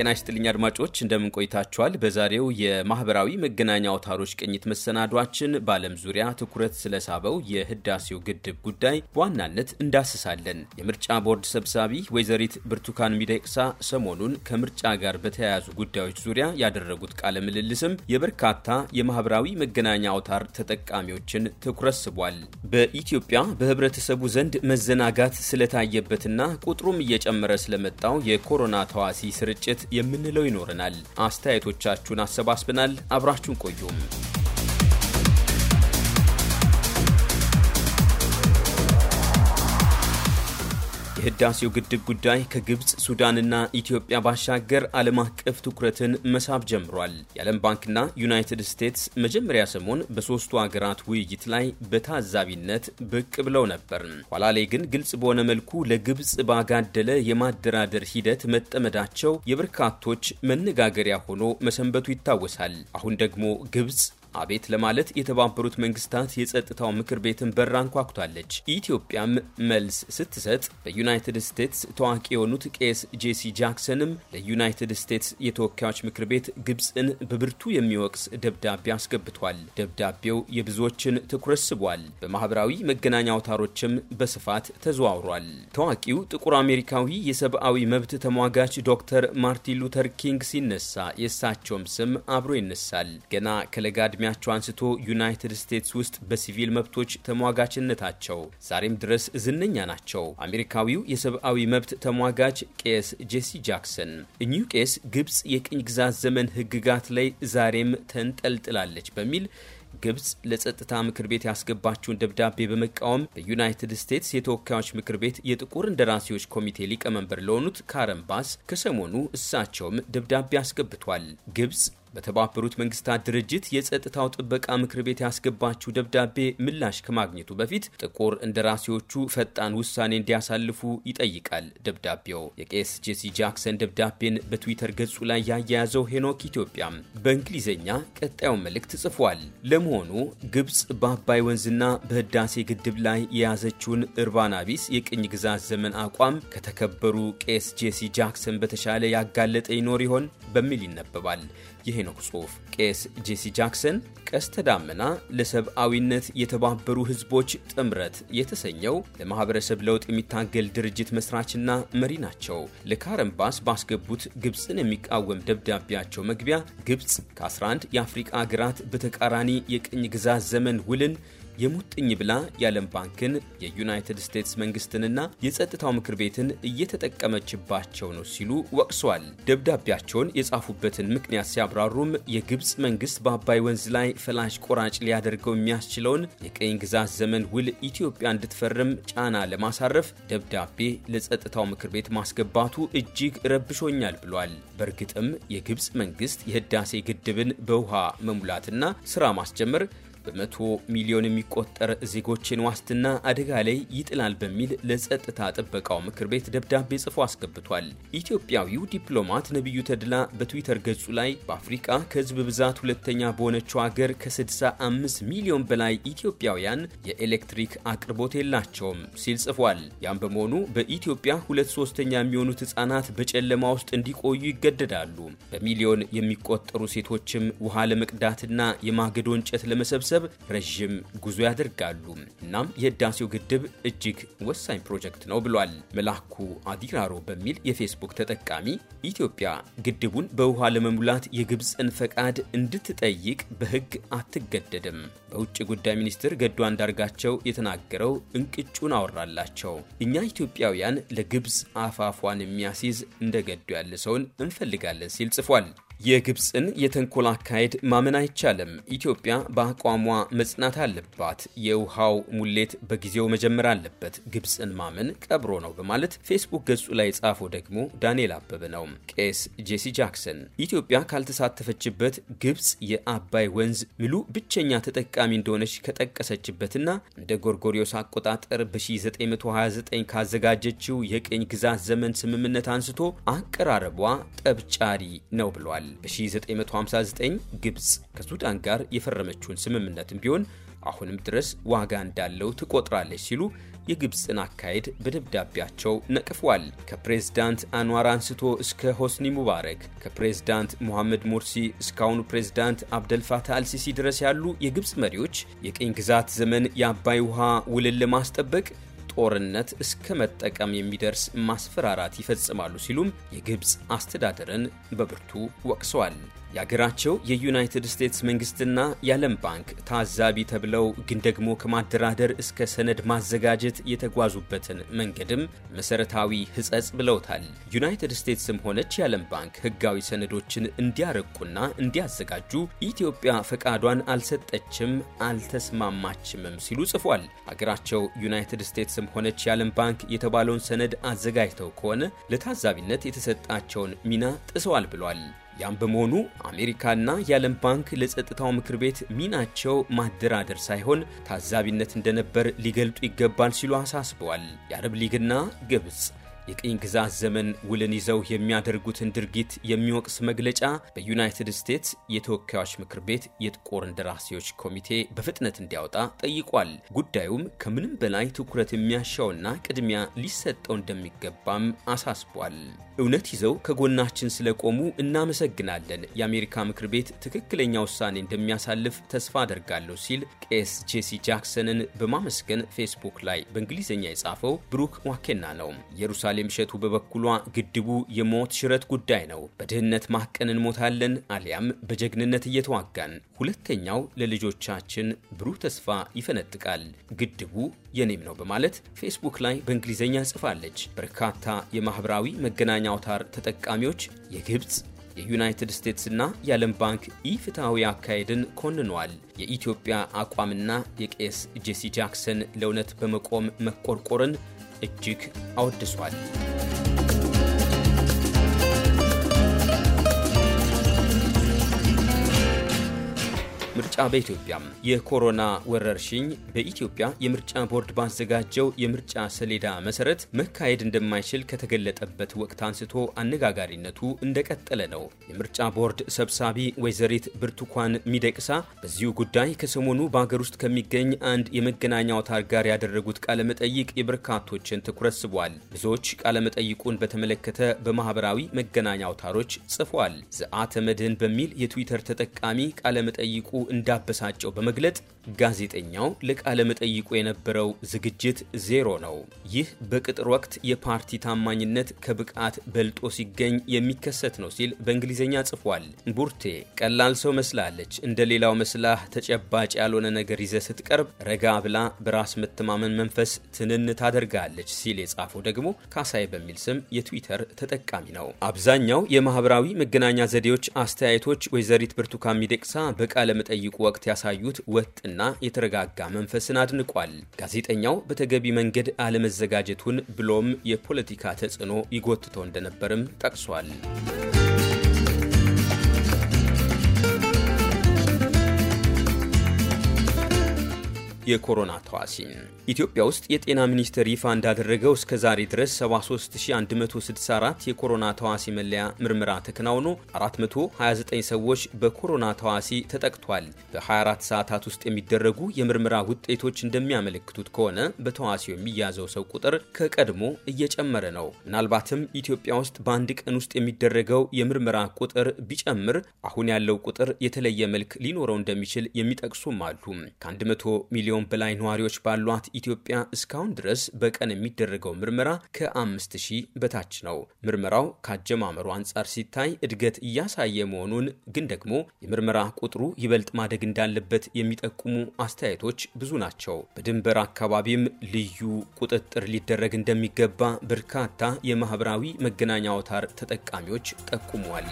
ጤና ይስጥልኝ አድማጮች እንደምን ቆይታችኋል? በዛሬው የማህበራዊ መገናኛ አውታሮች ቅኝት መሰናዷችን በዓለም ዙሪያ ትኩረት ስለሳበው የህዳሴው ግድብ ጉዳይ በዋናነት እንዳስሳለን። የምርጫ ቦርድ ሰብሳቢ ወይዘሪት ብርቱካን ሚደቅሳ ሰሞኑን ከምርጫ ጋር በተያያዙ ጉዳዮች ዙሪያ ያደረጉት ቃለ ምልልስም የበርካታ የማህበራዊ መገናኛ አውታር ተጠቃሚዎችን ትኩረት ስቧል። በኢትዮጵያ በህብረተሰቡ ዘንድ መዘናጋት ስለታየበትና ቁጥሩም እየጨመረ ስለመጣው የኮሮና ተዋሲ ስርጭት የምንለው ይኖረናል። አስተያየቶቻችሁን አሰባስበናል። አብራችሁን ቆዩም። የህዳሴው ግድብ ጉዳይ ከግብፅ ሱዳንና ኢትዮጵያ ባሻገር ዓለም አቀፍ ትኩረትን መሳብ ጀምሯል። የዓለም ባንክና ዩናይትድ ስቴትስ መጀመሪያ ሰሞን በሦስቱ አገራት ውይይት ላይ በታዛቢነት ብቅ ብለው ነበር። ኋላ ላይ ግን ግልጽ በሆነ መልኩ ለግብፅ ባጋደለ የማደራደር ሂደት መጠመዳቸው የበርካቶች መነጋገሪያ ሆኖ መሰንበቱ ይታወሳል። አሁን ደግሞ ግብፅ አቤት ለማለት የተባበሩት መንግስታት የጸጥታው ምክር ቤትን በር አንኳኩታለች። ኢትዮጵያም መልስ ስትሰጥ በዩናይትድ ስቴትስ ታዋቂ የሆኑት ቄስ ጄሲ ጃክሰንም ለዩናይትድ ስቴትስ የተወካዮች ምክር ቤት ግብፅን በብርቱ የሚወቅስ ደብዳቤ አስገብቷል። ደብዳቤው የብዙዎችን ትኩረት ስቧል። በማህበራዊ መገናኛ አውታሮችም በስፋት ተዘዋውሯል። ታዋቂው ጥቁር አሜሪካዊ የሰብአዊ መብት ተሟጋች ዶክተር ማርቲን ሉተር ኪንግ ሲነሳ የእሳቸውም ስም አብሮ ይነሳል። ገና ከለጋድ ከእድሜያቸው አንስቶ ዩናይትድ ስቴትስ ውስጥ በሲቪል መብቶች ተሟጋችነታቸው ዛሬም ድረስ ዝነኛ ናቸው። አሜሪካዊው የሰብአዊ መብት ተሟጋች ቄስ ጄሲ ጃክሰን እኚሁ ቄስ ግብፅ የቅኝ ግዛት ዘመን ህግጋት ላይ ዛሬም ተንጠልጥላለች በሚል ግብጽ ለጸጥታ ምክር ቤት ያስገባችውን ደብዳቤ በመቃወም በዩናይትድ ስቴትስ የተወካዮች ምክር ቤት የጥቁር እንደራሴዎች ኮሚቴ ሊቀመንበር ለሆኑት ካረን ባስ ከሰሞኑ እሳቸውም ደብዳቤ አስገብቷል። ግብፅ በተባበሩት መንግስታት ድርጅት የጸጥታው ጥበቃ ምክር ቤት ያስገባችው ደብዳቤ ምላሽ ከማግኘቱ በፊት ጥቁር እንደራሴዎቹ ፈጣን ውሳኔ እንዲያሳልፉ ይጠይቃል። ደብዳቤው የቄስ ጄሲ ጃክሰን ደብዳቤን በትዊተር ገጹ ላይ ያያያዘው ሄኖክ ኢትዮጵያም በእንግሊዝኛ ቀጣዩን መልእክት ጽፏል። ለመሆኑ ግብፅ በአባይ ወንዝና በህዳሴ ግድብ ላይ የያዘችውን እርባና ቢስ የቅኝ ግዛት ዘመን አቋም ከተከበሩ ቄስ ጄሲ ጃክሰን በተሻለ ያጋለጠ ይኖር ይሆን በሚል ይነበባል። ይህ የሄኖክ ጽሑፍ ቄስ ጄሲ ጃክሰን ቀስተ ዳመና ለሰብአዊነት የተባበሩ ህዝቦች ጥምረት የተሰኘው ለማህበረሰብ ለውጥ የሚታገል ድርጅት መስራችና መሪ ናቸው። ለካረምባስ ባስገቡት ግብፅን የሚቃወም ደብዳቤያቸው መግቢያ ግብፅ ከ11 የአፍሪቃ ሀገራት በተቃራኒ የቅኝ ግዛት ዘመን ውልን የሙጥኝ ብላ የዓለም ባንክን የዩናይትድ ስቴትስ መንግስትንና የጸጥታው ምክር ቤትን እየተጠቀመችባቸው ነው ሲሉ ወቅሰዋል። ደብዳቤያቸውን የጻፉበትን ምክንያት ሲያብራሩም የግብፅ መንግስት በአባይ ወንዝ ላይ ፈላጭ ቆራጭ ሊያደርገው የሚያስችለውን የቅኝ ግዛት ዘመን ውል ኢትዮጵያ እንድትፈርም ጫና ለማሳረፍ ደብዳቤ ለጸጥታው ምክር ቤት ማስገባቱ እጅግ ረብሾኛል ብሏል። በእርግጥም የግብፅ መንግስት የህዳሴ ግድብን በውሃ መሙላትና ስራ ማስጀመር በመቶ ሚሊዮን የሚቆጠር ዜጎችን ዋስትና አደጋ ላይ ይጥላል በሚል ለጸጥታ ጥበቃው ምክር ቤት ደብዳቤ ጽፎ አስገብቷል። ኢትዮጵያዊው ዲፕሎማት ነቢዩ ተድላ በትዊተር ገጹ ላይ በአፍሪቃ ከህዝብ ብዛት ሁለተኛ በሆነችው አገር ከ65 ሚሊዮን በላይ ኢትዮጵያውያን የኤሌክትሪክ አቅርቦት የላቸውም ሲል ጽፏል። ያም በመሆኑ በኢትዮጵያ ሁለት ሶስተኛ የሚሆኑት ህጻናት በጨለማ ውስጥ እንዲቆዩ ይገደዳሉ። በሚሊዮን የሚቆጠሩ ሴቶችም ውሃ ለመቅዳትና የማገዶ እንጨት ለመሰብሰብ ገንዘብ ረዥም ጉዞ ያደርጋሉ። እናም የህዳሴው ግድብ እጅግ ወሳኝ ፕሮጀክት ነው ብሏል። መላኩ አዲራሮ በሚል የፌስቡክ ተጠቃሚ ኢትዮጵያ ግድቡን በውሃ ለመሙላት የግብፅን ፈቃድ እንድትጠይቅ በህግ አትገደድም። በውጭ ጉዳይ ሚኒስትር ገዱ አንዳርጋቸው የተናገረው እንቅጩን አወራላቸው። እኛ ኢትዮጵያውያን ለግብፅ አፋፏን የሚያስይዝ እንደ ገዱ ያለ ሰውን እንፈልጋለን ሲል ጽፏል። የግብፅን የተንኮል አካሄድ ማመን አይቻልም። ኢትዮጵያ በአቋሟ መጽናት አለባት። የውሃው ሙሌት በጊዜው መጀመር አለበት። ግብፅን ማመን ቀብሮ ነው በማለት ፌስቡክ ገጹ ላይ ጻፎ ደግሞ ዳንኤል አበበ ነው። ቄስ ጄሲ ጃክሰን ኢትዮጵያ ካልተሳተፈችበት ግብፅ የአባይ ወንዝ ምሉ ብቸኛ ተጠቃሚ እንደሆነች ከጠቀሰችበትና እንደ ጎርጎሪዮስ አቆጣጠር በ1929 ካዘጋጀችው የቅኝ ግዛት ዘመን ስምምነት አንስቶ አቀራረቧ ጠብጫሪ ነው ብሏል። ተፈርሟል። በ1959 ግብፅ ከሱዳን ጋር የፈረመችውን ስምምነትም ቢሆን አሁንም ድረስ ዋጋ እንዳለው ትቆጥራለች ሲሉ የግብፅን አካሄድ በደብዳቤያቸው ነቅፏል። ከፕሬዝዳንት አንዋር አንስቶ እስከ ሆስኒ ሙባረክ፣ ከፕሬዝዳንት ሙሐመድ ሙርሲ እስካሁኑ ፕሬዝዳንት አብደልፋታ አልሲሲ ድረስ ያሉ የግብፅ መሪዎች የቅኝ ግዛት ዘመን የአባይ ውሃ ውልን ለማስጠበቅ ጦርነት እስከ መጠቀም የሚደርስ ማስፈራራት ይፈጽማሉ ሲሉም የግብፅ አስተዳደርን በብርቱ ወቅሰዋል። የአገራቸው የዩናይትድ ስቴትስ መንግስትና የዓለም ባንክ ታዛቢ ተብለው ግን ደግሞ ከማደራደር እስከ ሰነድ ማዘጋጀት የተጓዙበትን መንገድም መሰረታዊ ህጸጽ ብለውታል። ዩናይትድ ስቴትስም ሆነች የዓለም ባንክ ህጋዊ ሰነዶችን እንዲያረቁና እንዲያዘጋጁ ኢትዮጵያ ፈቃዷን አልሰጠችም፣ አልተስማማችምም ሲሉ ጽፏል። አገራቸው ዩናይትድ ስቴትስም ሆነች የዓለም ባንክ የተባለውን ሰነድ አዘጋጅተው ከሆነ ለታዛቢነት የተሰጣቸውን ሚና ጥሰዋል ብሏል። ያም በመሆኑ አሜሪካና የዓለም ባንክ ለጸጥታው ምክር ቤት ሚናቸው ማደራደር ሳይሆን ታዛቢነት እንደነበር ሊገልጡ ይገባል ሲሉ አሳስበዋል። የአረብ ሊግና ግብጽ የቅኝ ግዛት ዘመን ውልን ይዘው የሚያደርጉትን ድርጊት የሚወቅስ መግለጫ በዩናይትድ ስቴትስ የተወካዮች ምክር ቤት የጥቁር እንደራሴዎች ኮሚቴ በፍጥነት እንዲያወጣ ጠይቋል። ጉዳዩም ከምንም በላይ ትኩረት የሚያሻውና ቅድሚያ ሊሰጠው እንደሚገባም አሳስቧል። እውነት ይዘው ከጎናችን ስለቆሙ እናመሰግናለን። የአሜሪካ ምክር ቤት ትክክለኛ ውሳኔ እንደሚያሳልፍ ተስፋ አደርጋለሁ ሲል ቄስ ጄሲ ጃክሰንን በማመስገን ፌስቡክ ላይ በእንግሊዝኛ የጻፈው ብሩክ ዋኬና ነው። ኢየሩሳሌም ሰላሌም እሸቱ በበኩሏ ግድቡ የሞት ሽረት ጉዳይ ነው። በድህነት ማቀን እንሞታለን አሊያም በጀግንነት እየተዋጋን፣ ሁለተኛው ለልጆቻችን ብሩህ ተስፋ ይፈነጥቃል፣ ግድቡ የኔም ነው በማለት ፌስቡክ ላይ በእንግሊዝኛ ጽፋለች። በርካታ የማህበራዊ መገናኛ አውታር ተጠቃሚዎች የግብፅ የዩናይትድ ስቴትስና የዓለም ባንክ ኢፍትሐዊ አካሄድን ኮንነዋል። የኢትዮጵያ አቋምና የቄስ ጄሲ ጃክሰን ለእውነት በመቆም መቆርቆርን ik juk oud te swaai ምርጫ በኢትዮጵያ የኮሮና ወረርሽኝ በኢትዮጵያ የምርጫ ቦርድ ባዘጋጀው የምርጫ ሰሌዳ መሰረት መካሄድ እንደማይችል ከተገለጠበት ወቅት አንስቶ አነጋጋሪነቱ እንደቀጠለ ነው። የምርጫ ቦርድ ሰብሳቢ ወይዘሪት ብርቱካን ሚደቅሳ በዚሁ ጉዳይ ከሰሞኑ በሀገር ውስጥ ከሚገኝ አንድ የመገናኛ አውታር ጋር ያደረጉት ቃለመጠይቅ የበርካቶችን ትኩረት ስቧል። ብዙዎች ቃለመጠይቁን በተመለከተ በማህበራዊ መገናኛ አውታሮች ጽፏል። ዘአተመድን በሚል የትዊተር ተጠቃሚ ቃለመጠይቁ እንዳበሳጨው በመግለጥ ጋዜጠኛው ለቃለ መጠይቁ የነበረው ዝግጅት ዜሮ ነው። ይህ በቅጥር ወቅት የፓርቲ ታማኝነት ከብቃት በልጦ ሲገኝ የሚከሰት ነው ሲል በእንግሊዝኛ ጽፏል። ቡርቴ ቀላል ሰው መስላለች። እንደ ሌላው መስላህ ተጨባጭ ያልሆነ ነገር ይዘ ስትቀርብ ረጋ ብላ በራስ መተማመን መንፈስ ትንን ታደርጋለች ሲል የጻፈው ደግሞ ካሳይ በሚል ስም የትዊተር ተጠቃሚ ነው። አብዛኛው የማህበራዊ መገናኛ ዘዴዎች አስተያየቶች ወይዘሪት ብርቱካን ሚደቅሳ በቃለ በቃለመጠይቁ ወቅት ያሳዩት ወጥና የተረጋጋ መንፈስን አድንቋል። ጋዜጠኛው በተገቢ መንገድ አለመዘጋጀቱን ብሎም የፖለቲካ ተጽዕኖ ይጎትቶ እንደነበርም ጠቅሷል። የኮሮና ተዋሲ ኢትዮጵያ ውስጥ የጤና ሚኒስቴር ይፋ እንዳደረገው እስከ ዛሬ ድረስ 73164 የኮሮና ተዋሲ መለያ ምርመራ ተከናውኖ 429 ሰዎች በኮሮና ተዋሲ ተጠቅቷል። በ24 ሰዓታት ውስጥ የሚደረጉ የምርመራ ውጤቶች እንደሚያመለክቱት ከሆነ በተዋሲው የሚያዘው ሰው ቁጥር ከቀድሞ እየጨመረ ነው። ምናልባትም ኢትዮጵያ ውስጥ በአንድ ቀን ውስጥ የሚደረገው የምርመራ ቁጥር ቢጨምር አሁን ያለው ቁጥር የተለየ መልክ ሊኖረው እንደሚችል የሚጠቅሱም አሉ ከ100 ሚሊዮን ሚሊዮን በላይ ነዋሪዎች ባሏት ኢትዮጵያ እስካሁን ድረስ በቀን የሚደረገው ምርመራ ከአምስት ሺህ በታች ነው። ምርመራው ካጀማመሩ አንጻር ሲታይ እድገት እያሳየ መሆኑን ግን ደግሞ የምርመራ ቁጥሩ ይበልጥ ማደግ እንዳለበት የሚጠቁሙ አስተያየቶች ብዙ ናቸው። በድንበር አካባቢም ልዩ ቁጥጥር ሊደረግ እንደሚገባ በርካታ የማህበራዊ መገናኛ አውታር ተጠቃሚዎች ጠቁመዋል።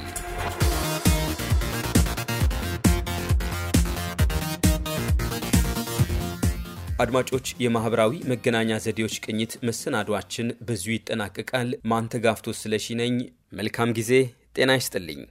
አድማጮች፣ የማህበራዊ መገናኛ ዘዴዎች ቅኝት መሰናዷችን በዚሁ ይጠናቀቃል። ማንተጋፍቶ ስለሺ ነኝ። መልካም ጊዜ። ጤና ይስጥልኝ።